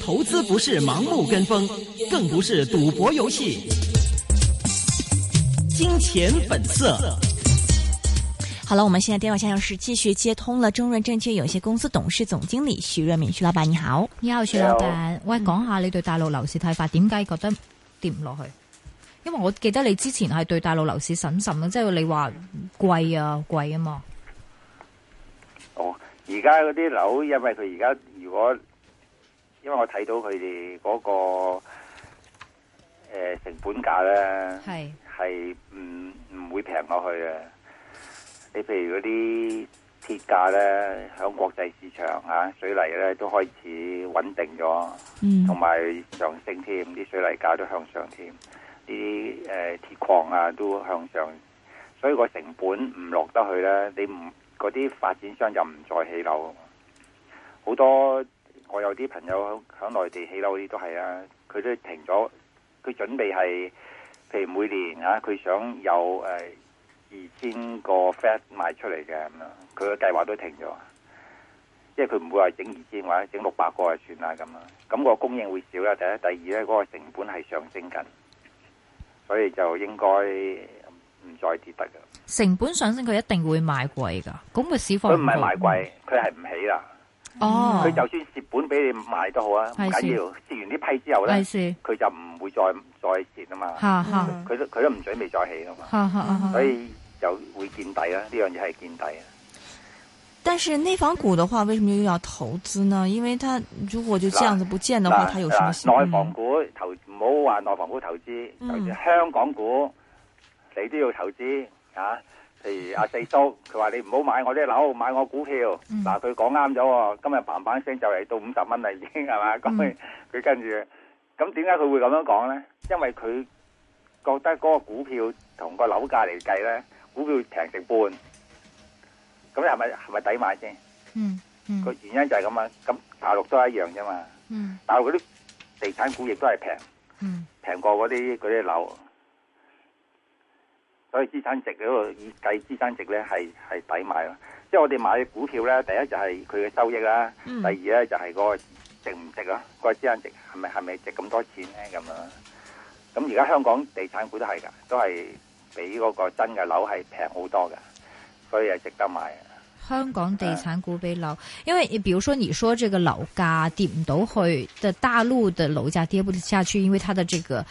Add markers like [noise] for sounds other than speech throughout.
投資不是盲目跟風，更不是賭博遊戲。金錢本色。好了，我們現在電話線上又繼續接通了。中潤證券有限公司董事總經理徐潤民，徐老闆你好，你好徐老闆，喂，講下你對大陸樓市睇法，點解覺得跌唔落去？因為我記得你之前係對大陸樓市審慎嘅，即係你話貴啊貴啊嘛。哦，而家嗰啲樓，因為佢而家。如果，因為我睇到佢哋嗰個誒、呃、成本價咧，係係唔唔會平落去嘅。你譬如嗰啲鐵價咧，響國際市場吓、啊、水泥咧都開始穩定咗，同埋、嗯、上升添，啲水泥價都向上添，啲誒鐵礦啊都向上，所以個成本唔落得去咧，你唔嗰啲發展商就唔再起樓。好多我有啲朋友喺內地起樓啲都係啊，佢都停咗。佢準備係，譬如每年啊，佢想有誒二千個 flat 賣出嚟嘅咁啊，佢嘅計劃都停咗。即係佢唔會話整二千，或者整六百個就算啦咁啊。咁個供應會少啦，第一，第二咧嗰個成本係上升緊，所以就應該唔再跌得嘅。成本上升，佢一定會賣貴㗎。咁嘅市況唔佢唔係賣貴，佢係唔起啦。哦，佢就算蝕本俾你賣都好啊，唔緊要，蝕完呢批之後咧，佢就唔會再再蝕啊嘛。吓吓，佢都佢都唔準備再起啦嘛。吓吓吓，所以就會見底啦，呢樣嘢係見底啊。但是內房股嘅話，為什麼又要投資呢？因為它如果就這樣子不見嘅話，它有什麼？內房股投，唔好話內房股投資，香港股你都要投資啊。阿、啊、四叔，佢話你唔好買我啲樓，買我股票。嗱、嗯，佢講啱咗。今日嘭嘭一聲就嚟到五十蚊啦，已經係嘛？咁佢、嗯、跟住，咁點解佢會咁樣講咧？因為佢覺得嗰個股票同個樓價嚟計咧，股票平成半，咁係咪係咪抵買先、嗯？嗯嗯，個原因就係咁樣。咁大陸都係一樣啫嘛。嗯，大陸啲地產股亦都係平。嗯，平過嗰啲嗰啲樓。所以資產值嗰個以計資產值咧，係係抵買咯，即係我哋買股票咧，第一就係佢嘅收益啦，第二咧就係個值唔值咯、啊，個資產值係咪係咪值咁多錢咧咁樣？咁而家香港地產股都係㗎，都係比嗰個真嘅樓係平好多嘅，所以係值得買。香港地產股比樓，因為，你比如說你說這個樓價跌唔到去，大陸的、大陸的樓價跌不下去，因為它的這個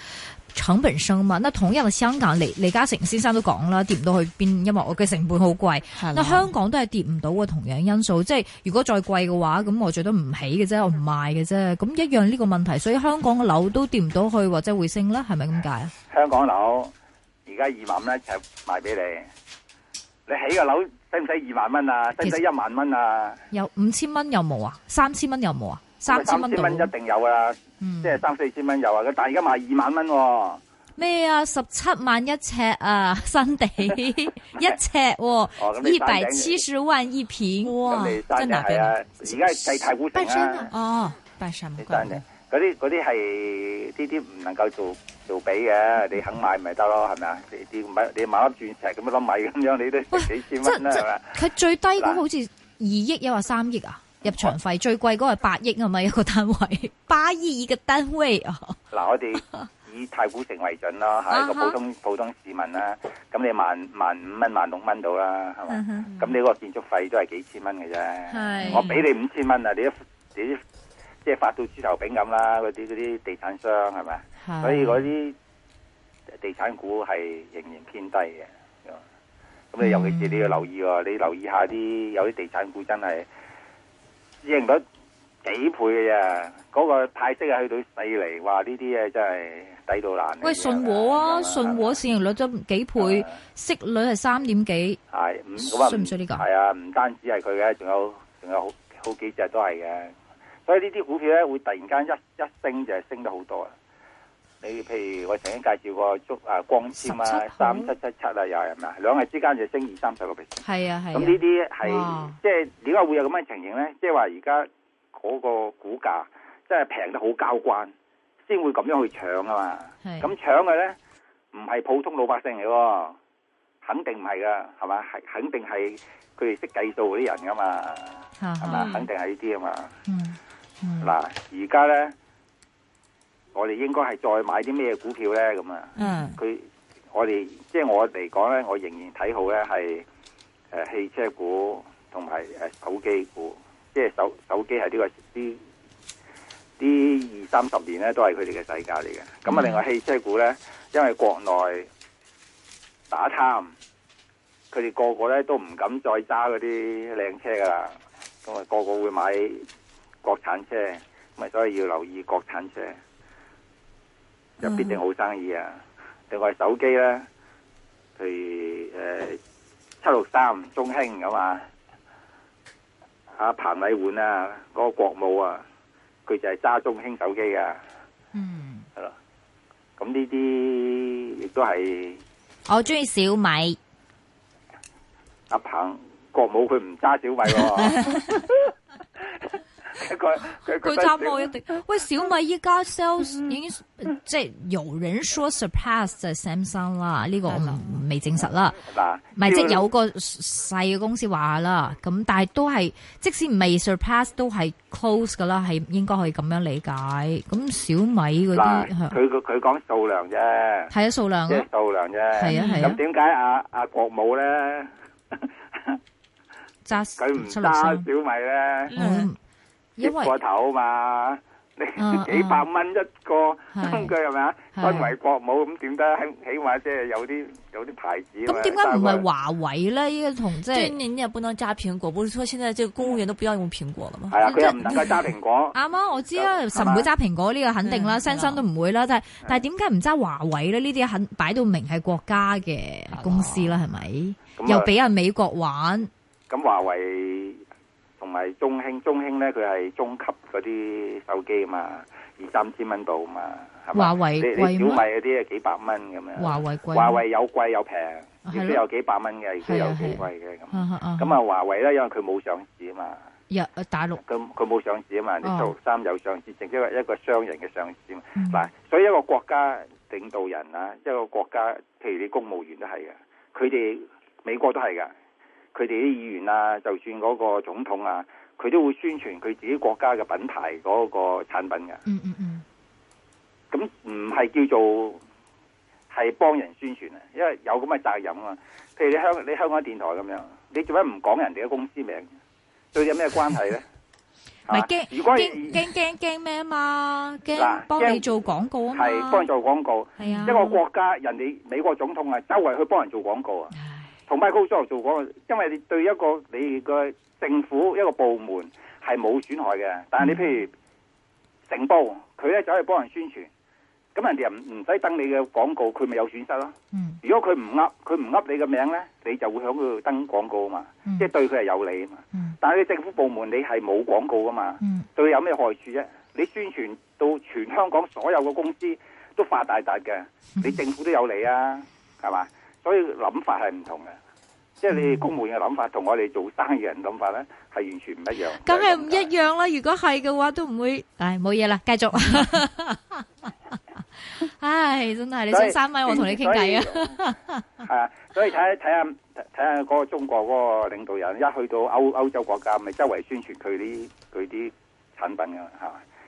成本升嘛。那同樣，香港李李嘉誠先生都講啦，跌唔到去邊，因為我嘅成本好貴。的那香港都係跌唔到嘅，同樣因素，是的即係如果再貴嘅話，咁我最多唔起嘅啫，我唔賣嘅啫。咁一樣呢個問題，所以香港嘅樓都跌唔到去，或者會升啦，係咪咁解啊？香港樓而家二萬五咧，就賣俾你，你起個樓。使唔使二萬蚊啊？使唔使一萬蚊啊？有五千蚊有冇啊？三千蚊有冇啊？三千蚊一定有啊！嗯、即係三四千蚊有、哦、啊！但係而家賣二萬蚊。咩啊？十七萬一尺啊！新地 [laughs] 一尺呎，二百七十萬一平哇真係啊？而家係細太古山啊！哦，半山嗰啲啲係呢啲唔能夠做做俾嘅，你肯買咪得咯，係咪啊？你買粒鑽石咁粒米咁樣，你都幾千蚊啦，佢吧最低嗰個好似二億，又話三億啊！入場費、啊、最貴嗰個係八億係咪？一個單位八億嘅單位 [laughs] 啊！嗱，我哋以太古城為準咯，係一個普通普通市民啦，咁你萬萬五蚊、萬六蚊到啦，係嘛？咁、啊、哈你個建築費都係幾千蚊嘅啫，是我俾你五千蚊啊，你一你一。即係發到豬頭炳咁啦，嗰啲嗰啲地產商係咪的所以嗰啲地產股係仍然偏低嘅。咁你尤其是你要留意喎，嗯、你留意一下啲有啲地產股真係市盈率幾倍嘅啫。嗰、那個派息啊，去到四厘哇，呢啲嘢真係抵到爛的。喂，信和啊，信吧和市盈率都幾倍，是的息率係三點幾。係，咁啊，不不信唔信呢、這個？係啊，唔單止係佢嘅，仲有仲有好好幾隻都係嘅。所以呢啲股票咧，會突然間一一升就係升得好多啊！你譬如我曾經介紹過足啊光纖啊三七七七啊，又係咪啊？兩日之間就升二三十個 percent，係啊係。咁呢啲係即係點解會有咁嘅情形咧？即係話而家嗰個股價真係平得好交關，先會咁樣去搶啊嘛！咁搶嘅咧唔係普通老百姓嚟，肯定唔係噶，係嘛？肯定係佢哋識計數嗰啲人噶嘛，係、嗯、嘛？肯定係呢啲啊嘛。嗱，而家咧，我哋應該係再買啲咩股票咧？咁啊，佢、嗯、我哋即係我嚟講咧，我仍然睇好咧係誒汽車股同埋誒手機股，即係手手機係呢個啲啲二三十年咧都係佢哋嘅世界嚟嘅。咁啊、嗯，另外汽車股咧，因為國內打貪，佢哋個個咧都唔敢再揸嗰啲靚車噶啦，咁、那、啊個個會買。國產車，咪所以要留意國產車，又必定好生意啊！嗯、另外手機咧，譬如誒七六三中興咁啊，啊，阿彭麗媛啊，嗰個國母啊，佢就係揸中興手機噶，係咯、嗯，咁呢啲亦都係。我中意小米，阿、啊、彭國母佢唔揸小米。 [laughs] [laughs] 佢佢揸一定。喂，小米依家 sales 已經、嗯嗯、即係有人說 surpass 就 Samsung 啦，呢、這個不是的未證實啦。嗱、嗯，唔係即係有個細嘅公司話啦。咁但係都係即使未係 surpass 都係 close 噶啦，係應該可以咁樣理解。咁小米嗰啲，佢佢佢講數量啫，係啊數量，即係數量啫。係啊係啊。咁點解啊啊國母咧？揸佢唔揸小米咧？嗯因跌過頭嘛？你幾百蚊一個，工具係咪啊？身為國母咁點解起起碼即係有啲有啲牌子。咁點解唔係華為咧？呢個同即係你又不能揸蘋果。不是話現在即係公務員都不要用蘋果啦嘛？係啊，佢唔計揸蘋果。啱啊，我知啦，唔會揸蘋果呢個肯定啦，三星都唔會啦。但係但係點解唔揸華為咧？呢啲肯擺到明係國家嘅公司啦，係咪？又俾人美國玩。咁華為中興，中興咧佢係中級嗰啲手機啊嘛，二三千蚊度啊嘛，係嘛？華為貴，你你小米嗰啲係幾百蚊咁樣。華為貴，華為有貴有平，亦都的有幾百蚊嘅，亦都有好貴嘅咁。咁啊，華樣的為咧，因為佢冇上市啊嘛，大陸佢佢冇上市啊嘛，你做三有上市，只因為一個商人嘅上市嘛。嗱、嗯，所以一個國家領導人啊，一個國家譬如你公務員都係嘅，佢哋美國都係噶。佢哋啲議員啊，就算嗰個總統啊，佢都會宣傳佢自己國家嘅品牌嗰個產品嘅、嗯。嗯嗯嗯。咁唔係叫做係幫人宣傳啊，因為有咁嘅責任啊。譬如你香你香港電台咁樣，你做乜唔講人哋嘅公司名？對你有咩關係咧？唔係驚，如果驚驚驚咩啊嘛？驚幫你做廣告啊嘛？係幫你做廣告。係啊。一個國家，人哋美國總統啊，周圍去幫人做廣告啊。同埋高裝做講，因為你對一個你嘅政府一個部門係冇損害嘅，但係你譬如承包佢咧走去幫人宣傳，咁人哋唔唔使登你嘅廣告，佢咪有損失咯？嗯，如果佢唔噏佢唔噏你嘅名咧，你就會喺佢度登廣告啊嘛，即係、嗯、對佢係有利啊嘛。嗯，但係你政府部門你係冇廣告噶嘛？嗯，對佢有咩害處啫？你宣傳到全香港所有嘅公司都發大達嘅，你政府都有利啊，係嘛？所以諗法係唔同嘅，即係你公務員嘅諗法同我哋做生意人諗法咧，係完全唔一樣。梗係唔一樣啦！如果係嘅話，都唔會，唉，冇嘢啦，繼續。唉，真係你想三米，我同你傾偈啊！係啊，所以睇睇下睇下嗰個中國嗰個領導人一去到歐歐洲國家，咪周圍宣傳佢啲佢啲產品㗎嘛。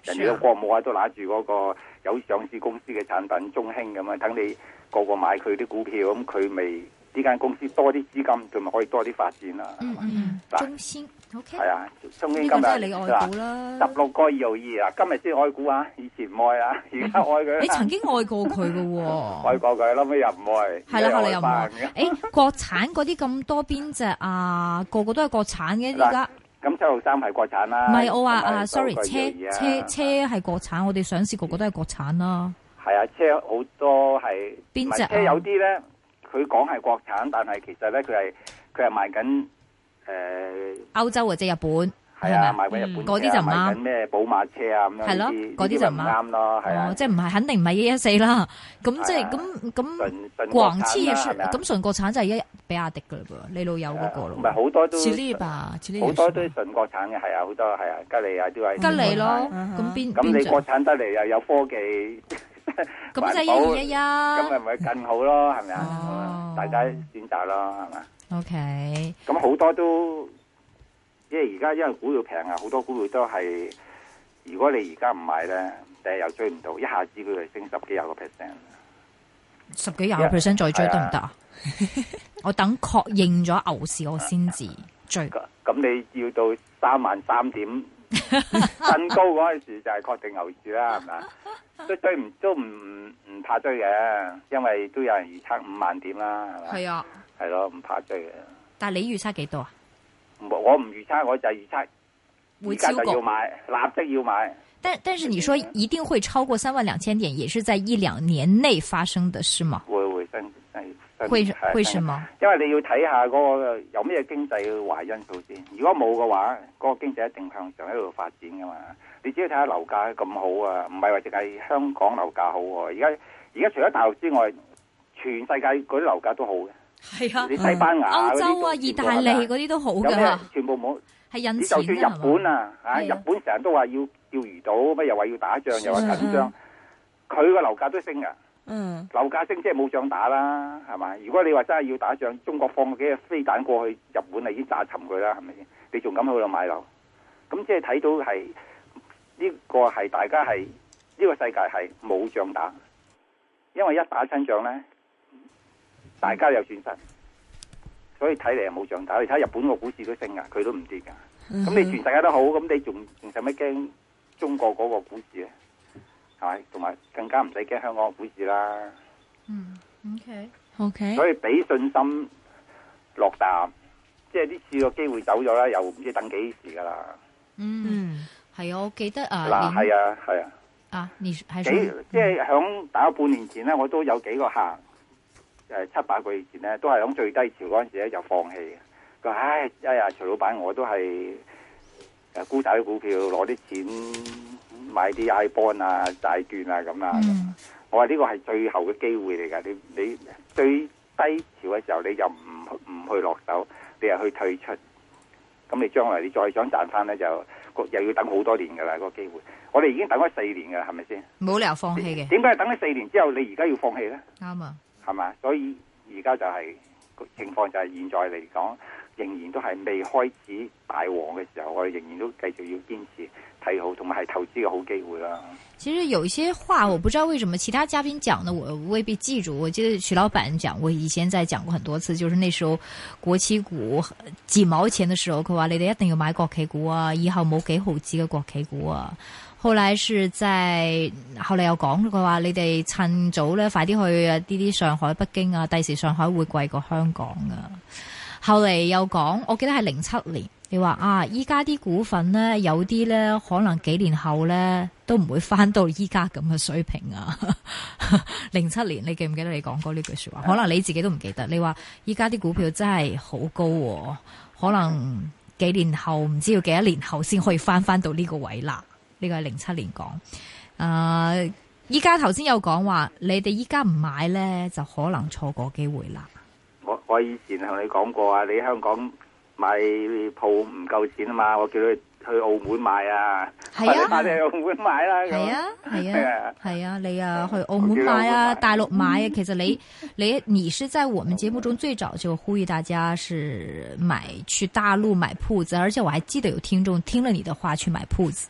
人哋個股冇啊，都拿住嗰個有上市公司嘅產品中興咁啊，等你個個買佢啲股票，咁佢未，呢間公司多啲資金，佢咪可以多啲發展啦，啊。嗯嗯，中興，OK，係啊，中興今日，十六，啊、個二毫二啊，今日先愛股啊，以前唔愛啊，而家 [laughs] 愛佢，啊。 [laughs] 你曾經愛過佢嘅喎， [laughs] 愛過佢，後尾又唔愛。係啦，啊，後嚟又唔愛。誒、欸，國產嗰啲咁多邊隻啊，個個都係國產嘅，依家，啊。咁七六三係國產啦，唔係我話啊，sorry，車車車係國產，我哋上市個個都係國產啦。係啊，車好多係邊隻？車有啲咧，佢講係國產，但係其實咧佢係佢係賣緊誒歐洲或者日本，係咪啊？賣緊日本嗰啲就唔啱。咩寶馬車啊咁樣嗰啲就唔啱咯。哦，即係唔係肯定唔係 E S 四啦？咁即係咁咁國產嘅啦。咁純國產就係一。比亞迪噶啦噃，你老友嗰個咯，唔係好多都，好多都純國產嘅，係啊，好多係啊，吉利啊，都係吉利咯。咁邊咁你國產得嚟又有科技，咁即係一五一一，咁咪咪更好咯，係咪啊？大家選擇咯，係嘛？OK。咁好多都，因為而家因為股票平啊，好多股票都係，如果你而家唔買咧，第日又追唔到，一下子佢就升十幾廿個 percent，十幾廿個 percent 再追得唔得啊？ [laughs] 我等確認咗牛市我才才，我先至追噶。咁你要到三萬三點新 [laughs] 高嗰時，就係確定牛市啦，係咪？所以追唔都唔唔怕追嘅，因為都有人預測五萬點啦，係咪？係啊，係咯， [laughs] 唔怕追嘅。但係你預測幾多啊？我唔預測，我就係預測會超過就要買，立即要買。但但是你說一定會超過三萬兩千點，也是在一兩年內發生的是嗎？會會會是嗎？因為你要睇下嗰個有咩經濟壞因素先。如果冇嘅話，嗰、嗰個經濟一定向上喺度發展噶嘛。你只要睇下樓價咁好啊，唔係話淨係香港樓價好啊。而家而家除咗大陸之外，全世界嗰啲樓價都好嘅。係啊，你、嗯、西班牙啊、歐洲啊、意大利嗰啲都好噶、啊。有咩全部冇？係印錢、啊、就算日本啊，吓、啊啊、日本成日都話要釣魚島，乜又話要打仗，啊、又話緊張，佢個樓價都升噶。嗯。樓價升即係冇仗打啦，係咪？如果你話真係要打仗，中國放了幾隻飛彈過去日本，你已經炸沉佢啦，係咪先？你仲敢喺度買樓？咁即係睇到係呢、這個係大家係呢、這個世界係冇仗打，因為一打親仗咧。大家有損失，所以睇嚟，又冇上頭。你睇日本個股市都升啊，佢都唔跌噶。咁、嗯、你全世界都好，咁你仲仲使乜驚中國嗰個股市？係咪？同埋更加唔使驚香港嘅股市啦。嗯，OK，OK。Okay, okay. 所以俾信心落淡，即係呢次個機會走咗啦，又唔知等幾時噶啦。嗯，係、嗯、我記得啊，嗱啦，係啊你，係啊。係啊，你係幾、嗯、即係響大概半年前咧，我都有幾個客。誒，七八個月前咧，都係響最低潮嗰陣時咧就放棄。佢話：唉，一、哎、呀徐老闆，我都係誒，沽咗股票，攞啲錢買啲 I Bond 啊、債券啊咁啊。嗯、我話呢個係最後嘅機會嚟噶你你最低潮嘅時候，你又唔唔去落手，你又去退出，咁你將來你再想賺翻咧，就、那個、又要等好多年噶啦。嗰個機會，我哋已經等咗四年噶啦，係咪先？冇理由放棄嘅。點解等咗四年之後，你而家要放棄咧？啱啊！係嘛？所以而家就係、是、情況就係，現在嚟講仍然都係未開始大旺嘅時候，我哋仍然都繼續要堅持睇好，同埋係投資嘅好機會啦。其實有一些話，我不知道為什麼其他嘉賓講，呢我未必記住。我記得徐老闆講我以前在講過很多次，就是那時候國企股幾毛錢嘅時候，佢話你哋一定要買國企股啊，以後冇幾毫子嘅國企股啊。後來說即係，後來又講佢話你哋趁早咧，快啲去啲啲上海、北京啊。第時上海會貴過香港啊。後嚟又講，我記得係零七年，你話啊，依家啲股份呢，有啲咧可能幾年後咧都唔會翻到依家咁嘅水平啊。零 [laughs] 七年，你記唔記得你講過呢句說話？可能你自己都唔記得。你話依家啲股票真係好高、啊，可能幾年後唔知要幾多年後先可以翻翻到呢個位啦。呢個係零七年講，啊依家頭先有講話，你哋依家唔買咧，就可能錯過機會啦。我我以前同你講過啊，你香港買鋪唔夠錢啊嘛，我叫你去澳門買啊，係啊，翻嚟澳門買啦，係啊，係啊，係啊，啊，你啊，我去澳門買啊，買啊大陸買啊，嗯、其實你你你是在我們節目中最早就呼籲大家是買去大陸買鋪子，而且我還記得有聽眾聽了你的話去買鋪子。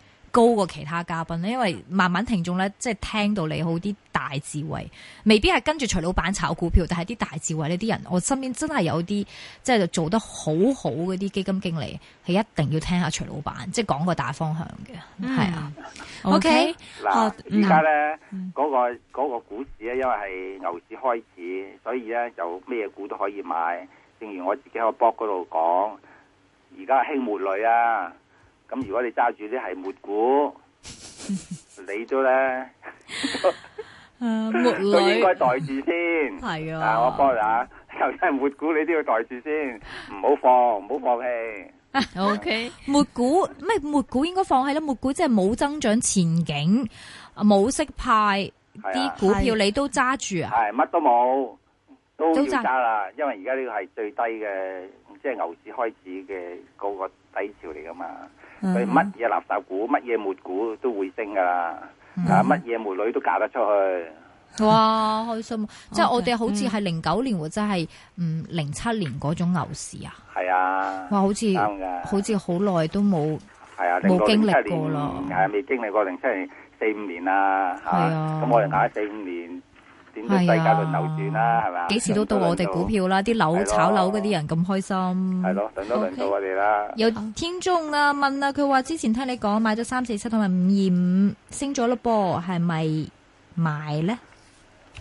高過其他嘉賓咧，因為慢慢聽眾咧，即係聽到你好啲大智慧，未必係跟住徐老闆炒股票，但係啲大智慧呢，啲人我身邊真係有啲即係做得好好嗰啲基金經理，係一定要聽下徐老闆，即係講個大方向嘅，係啊，OK 嗱，而家咧嗰個嗰個股市咧，因為係牛市開始，所以咧就咩股都可以買。正如我自己喺個 blog 嗰度講，而家興沒女啊！咁如果你揸住啲係末股。 [laughs] 你都咧，就沒女 應該袋住先。係是啊，啊，我幫啊，頭先末股你都要袋住先，唔好放，唔好放棄。O K，末股咩末股應該放棄啦？末股即係冇增長前景、冇息派啲、啊、股票，你都揸住啊？係乜都冇，都揸啦。因為而家呢個係最低嘅，即、就、係、是、牛市開始嘅嗰個低潮嚟噶嘛。佢乜嘢垃圾股，乜嘢沒股都會升噶啦，嚇乜嘢沒女都嫁得出去。哇！開心， [laughs] 即係我哋好似係零九年或者係 Okay, 嗯零七、嗯、年嗰種牛市啊。係啊。哇！好似的好似好耐都冇係啊，冇經歷過咯，係未、啊、經歷過零七年四五年啊，咁我哋捱四五年。4, 解啦？係啊！幾時、啊、吧都到我哋股票啦，啲樓炒樓嗰啲人咁開心。係咯到，OK, 等都輪到我哋啦。有天中啦、啊，問啦、啊，佢話之前聽你講買咗三四七同埋五二五，5, 5, 升咗咯噃，係咪買咧？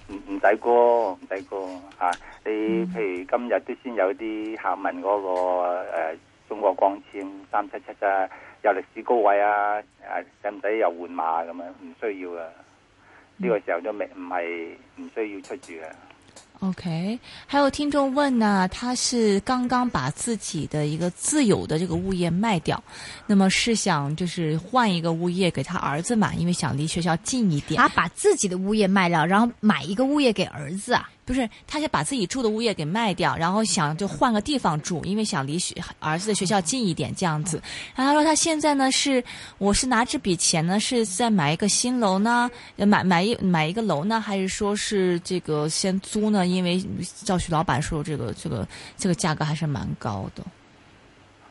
唔唔使過，唔使過嚇、啊。你、嗯、譬如今日都先有啲客問嗰、那個、呃、中國光纖三七七啫、啊，有歷史高位啊，誒使唔使又換馬咁樣？唔需要啊。呢個時候都未唔係唔需要出住嘅。OK，還有聽眾問呢、啊，他是剛剛把自己的一個自有的這個物業賣掉，那麼是想就是換一個物業給他兒子嘛？因為想離學校近一點。他、啊、把自己的物業賣掉，然後買一個物業給兒子啊？不是，他就把自己住的物業給賣掉，然後想就換個地方住，因為想離學兒子的學校近一點這樣子。然後他說他現在呢是，我是拿這筆錢呢是在買一個新樓呢，買買一買一個樓呢，還是說是這個先租呢？因為徐老闆說這個這個這個價格還是蠻高的。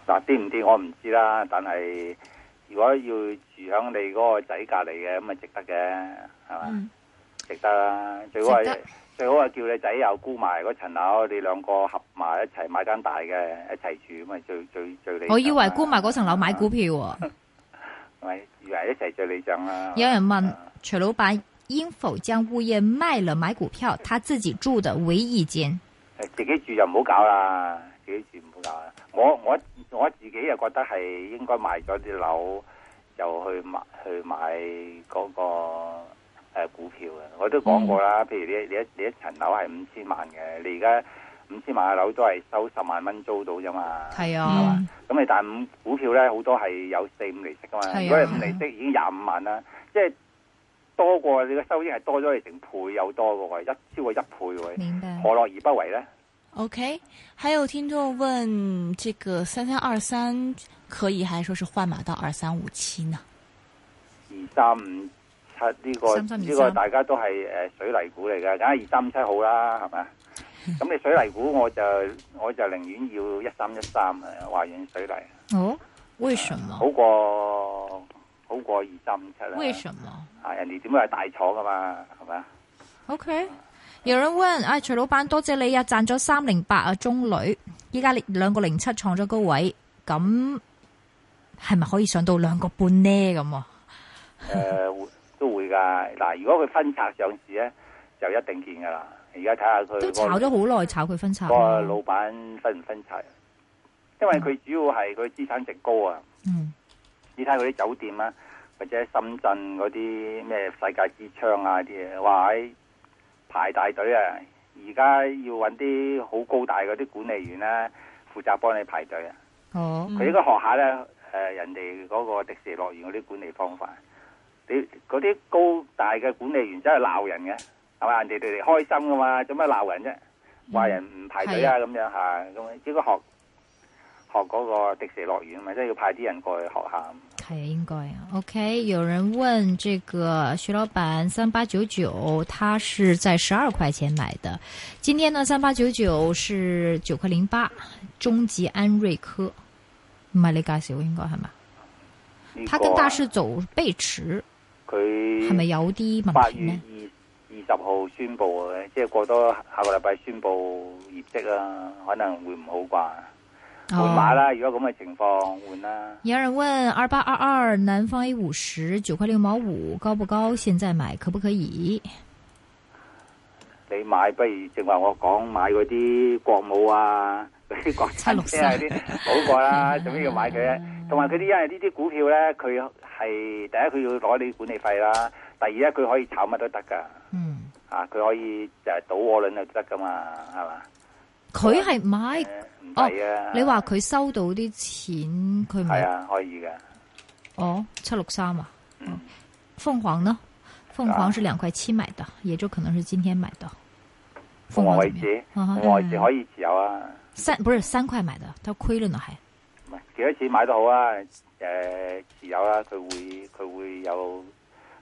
嗱，跌唔跌我唔知啦，但係如果要住響你嗰個仔隔籬嘅，咁咪值得嘅，係嘛？值得最最好啊！叫你仔又沽埋嗰層樓，你兩個合埋一齊買一間大嘅一齊住咁啊！最最最理想我以為沽埋嗰層樓買股票，咪以喺一齊最理想啦。有人問：，徐、啊、老闆應否將物業賣了買股票？他自己住的為意見。誒，自己住就唔好搞啦，自己住唔好搞啦。我我我自己又覺得係應該賣咗啲樓，就去買去買嗰、那個。股票嘅我都講過啦，嗯、譬如你你一你一層樓係五千萬嘅，你而家五千萬嘅樓都係收十萬蚊租到啫嘛，係啊、嗯，咁你大五股票咧，好多係有四五利息噶嘛，哎、呀如果係五利息、嗯、已經廿五萬啦，即係多過你嘅收益係多咗你成倍有多嘅，一超過一倍嘅，明白何樂而不為咧？OK，還有聽眾問，這個三三二三可以，還是說是換碼到二三五七呢？二三五。呢、啊這個呢、這個大家都係誒水泥股嚟㗎，梗係二三五七好啦，係咪？咁你水泥股我就我就寧願要一三一三誒，華潤水泥哦，為什麼好過好過二三五七咧？為什吧麼、okay. in，啊？人哋點解係大廠噶嘛？係嘛？O K，有人問啊，徐老闆多謝你啊，賺咗三零八啊，中旅依家兩個零七創咗高位，咁係咪可以上到兩個半呢？咁 [laughs] 誒、呃。都會噶，嗱，如果佢分拆上市咧，就一定見噶啦。而家睇下佢都炒咗好耐，炒佢分拆。個老闆分唔分拆、啊？因為佢主要係佢資產值高啊。嗯。你睇嗰啲酒店啊，或者深圳嗰啲咩世界之窗啊啲嘢，哇！排大隊啊，而家要搵啲好高大嗰啲管理員咧，負責幫你排隊啊。哦。佢、嗯、應該學下咧，誒、呃，人哋嗰個迪士尼樂園嗰啲管理方法。你嗰啲高大嘅管理員真係鬧人嘅，係嘛？人哋哋哋開心噶嘛，做咩鬧人啫？話人唔排隊啊咁、嗯、樣嚇，咁如果學學嗰個迪士尼樂園咪即係要派啲人過去學下。係啊，應該啊。OK，有人問這個徐老闆三八九九，他是在十二塊錢買的。今天呢三八九九是九塊零八，中集安瑞科唔係你介紹應該係嘛？這個、他跟大市走背馳。佢係咪有啲密切咧？八月二十號宣布嘅，即係過多下個禮拜宣布業績啊，可能會唔好啩，換買啦。如果咁嘅情況，換啦、哦。有人問二八二二南方 A 50九塊六毛五高不高？現在買可不可以？你買不如正話我講買嗰啲國母啊。七六三，好過啦，做咩要買佢咧？同埋佢啲，因為呢啲股票咧，佢係第一佢要攞你管理費啦，第二咧佢可以炒乜都得噶。嗯，啊，佢可以就係賭窩輪就得噶嘛，係嘛？佢係買哦？你話佢收到啲錢，佢唔係啊？可以噶。哦，七六三啊？嗯，鳳凰呢？鳳凰係兩塊七買嘅，野就可能係今天買到。鳳凰，鳳凰可以持有啊。三不是三塊買的，他虧了呢還。唔係幾多錢買都好啊，呃持有啊，佢會佢會有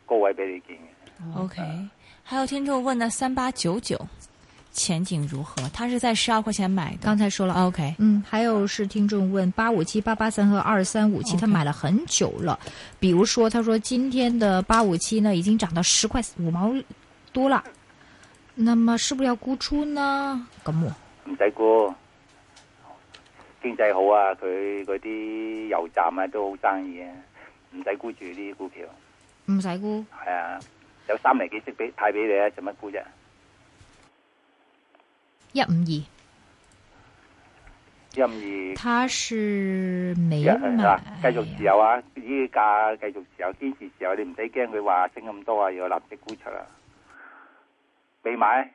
高位俾你見 O Okay , K，、uh, 還有聽眾問呢，三八九九前景如何？他是在十二塊錢買的，剛才說了 O K。Okay, 嗯，還有是聽眾問八五七八八三和二三五七，他買了很久了，okay 比如說他說今天的八五七呢已經漲到十塊五毛多了，那麼是不是要沽出呢？咁唔唔使沽。經濟好啊，佢嗰啲油站啊都好生意啊，唔使沽住啲股票，唔使沽，係啊，有三厘幾息俾派俾你啊，做乜沽啫？一五二，一五二，他是未啊嘛？繼續持有啊，呢個價繼續持有，堅持持有，你唔使驚佢話升咁多啊，要立即沽出啊。未買。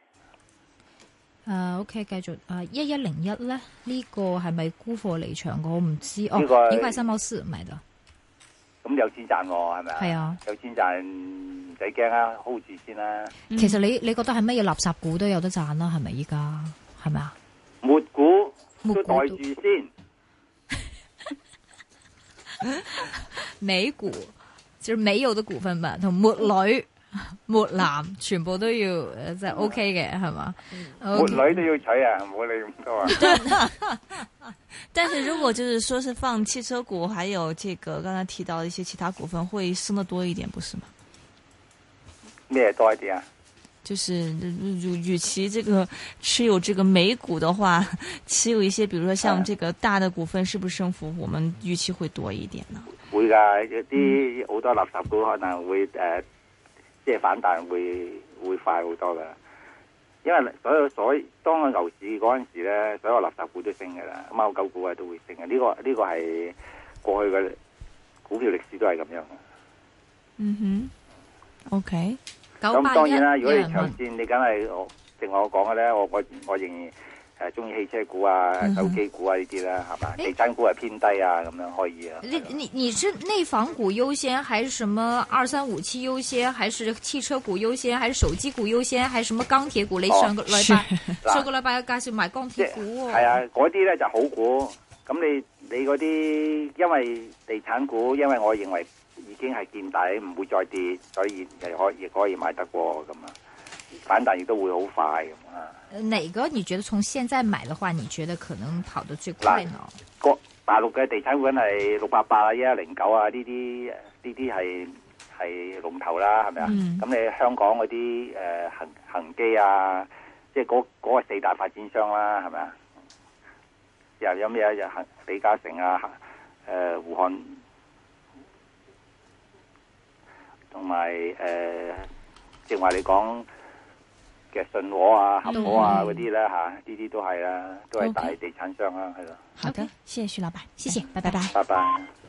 誒、uh，OK，繼續誒，一一零一咧，呢、這個係咪沽貨離場？我唔知哦，oh, 應該係三毛四唔係度？咁有錢賺喎係咪啊？係啊，有錢賺唔使驚啊，hold 住先啦。其實你你覺得係乜嘢垃圾股都有得賺啦？係咪依家？係咪啊？沒股要揸住先， [laughs] 美股就是沒有的股份嘛，同沒女。沒男全部都要呃，即係 OK 嘅係嘛，沒女都要睇啊，唔好理咁多啊。 [laughs] [laughs] 但是如果就是說是放汽車股，還有這個剛才提到的一些其他股份，會升得多一點，不是嗎？咩多一點啊？就是如與，與其這個持有這個美股的話，持有一些，比如說像這個大的股份，是不是升幅 [laughs] 我們預期會多一點呢？會噶，一啲好多垃圾股可能會誒。呃即係反彈會會快好多噶，因為所有所當個牛市嗰陣時咧，所有，所有垃圾股都升噶啦，貓狗股啊都會升啊。呢個呢個係過去嘅股票歷史都係咁樣。嗯哼，OK，咁當然啦，1 如果你長線，人你梗係我正如我講嘅咧，我我我仍然。誒，中意、啊、汽車股啊、手機股啊呢啲、嗯、哼啦，係嘛？地產股係偏低啊，咁、欸、樣可以啊。你你你是內房股優先，還是什麼二三五七優先，還是汽車股優先，還是手機股優先，還是什麼鋼鐵股，你上個禮拜，是上個禮拜，介紹買鋼鐵股。係啊，嗰啲咧就好股。咁你你嗰啲，因為地產股，因為我認為已經係見底，唔會再跌，所以就可亦可以買得過。咁啊。反彈亦都會好快咁啊！哪個，你覺得從現在買嘅話，你覺得可能跑得最快呢？嗰大陸嘅地產股係六八八、一零九啊，呢啲呢啲係係龍頭啦，係咪啊？咁、嗯、你香港嗰啲誒恆恆基啊，即係嗰個四大發展商啦，係咪啊？又有咩啊？又恆李嘉誠啊，誒、呃、胡漢，同埋誒，正、呃、話你講。嘅信和啊、合和啊嗰啲咧吓，呢啲都係啦、啊，都係大地產商啦、啊，係咯 Okay.、啊。好的，Okay. 謝謝徐老闆，謝謝，拜拜拜拜。Bye bye bye. Bye bye.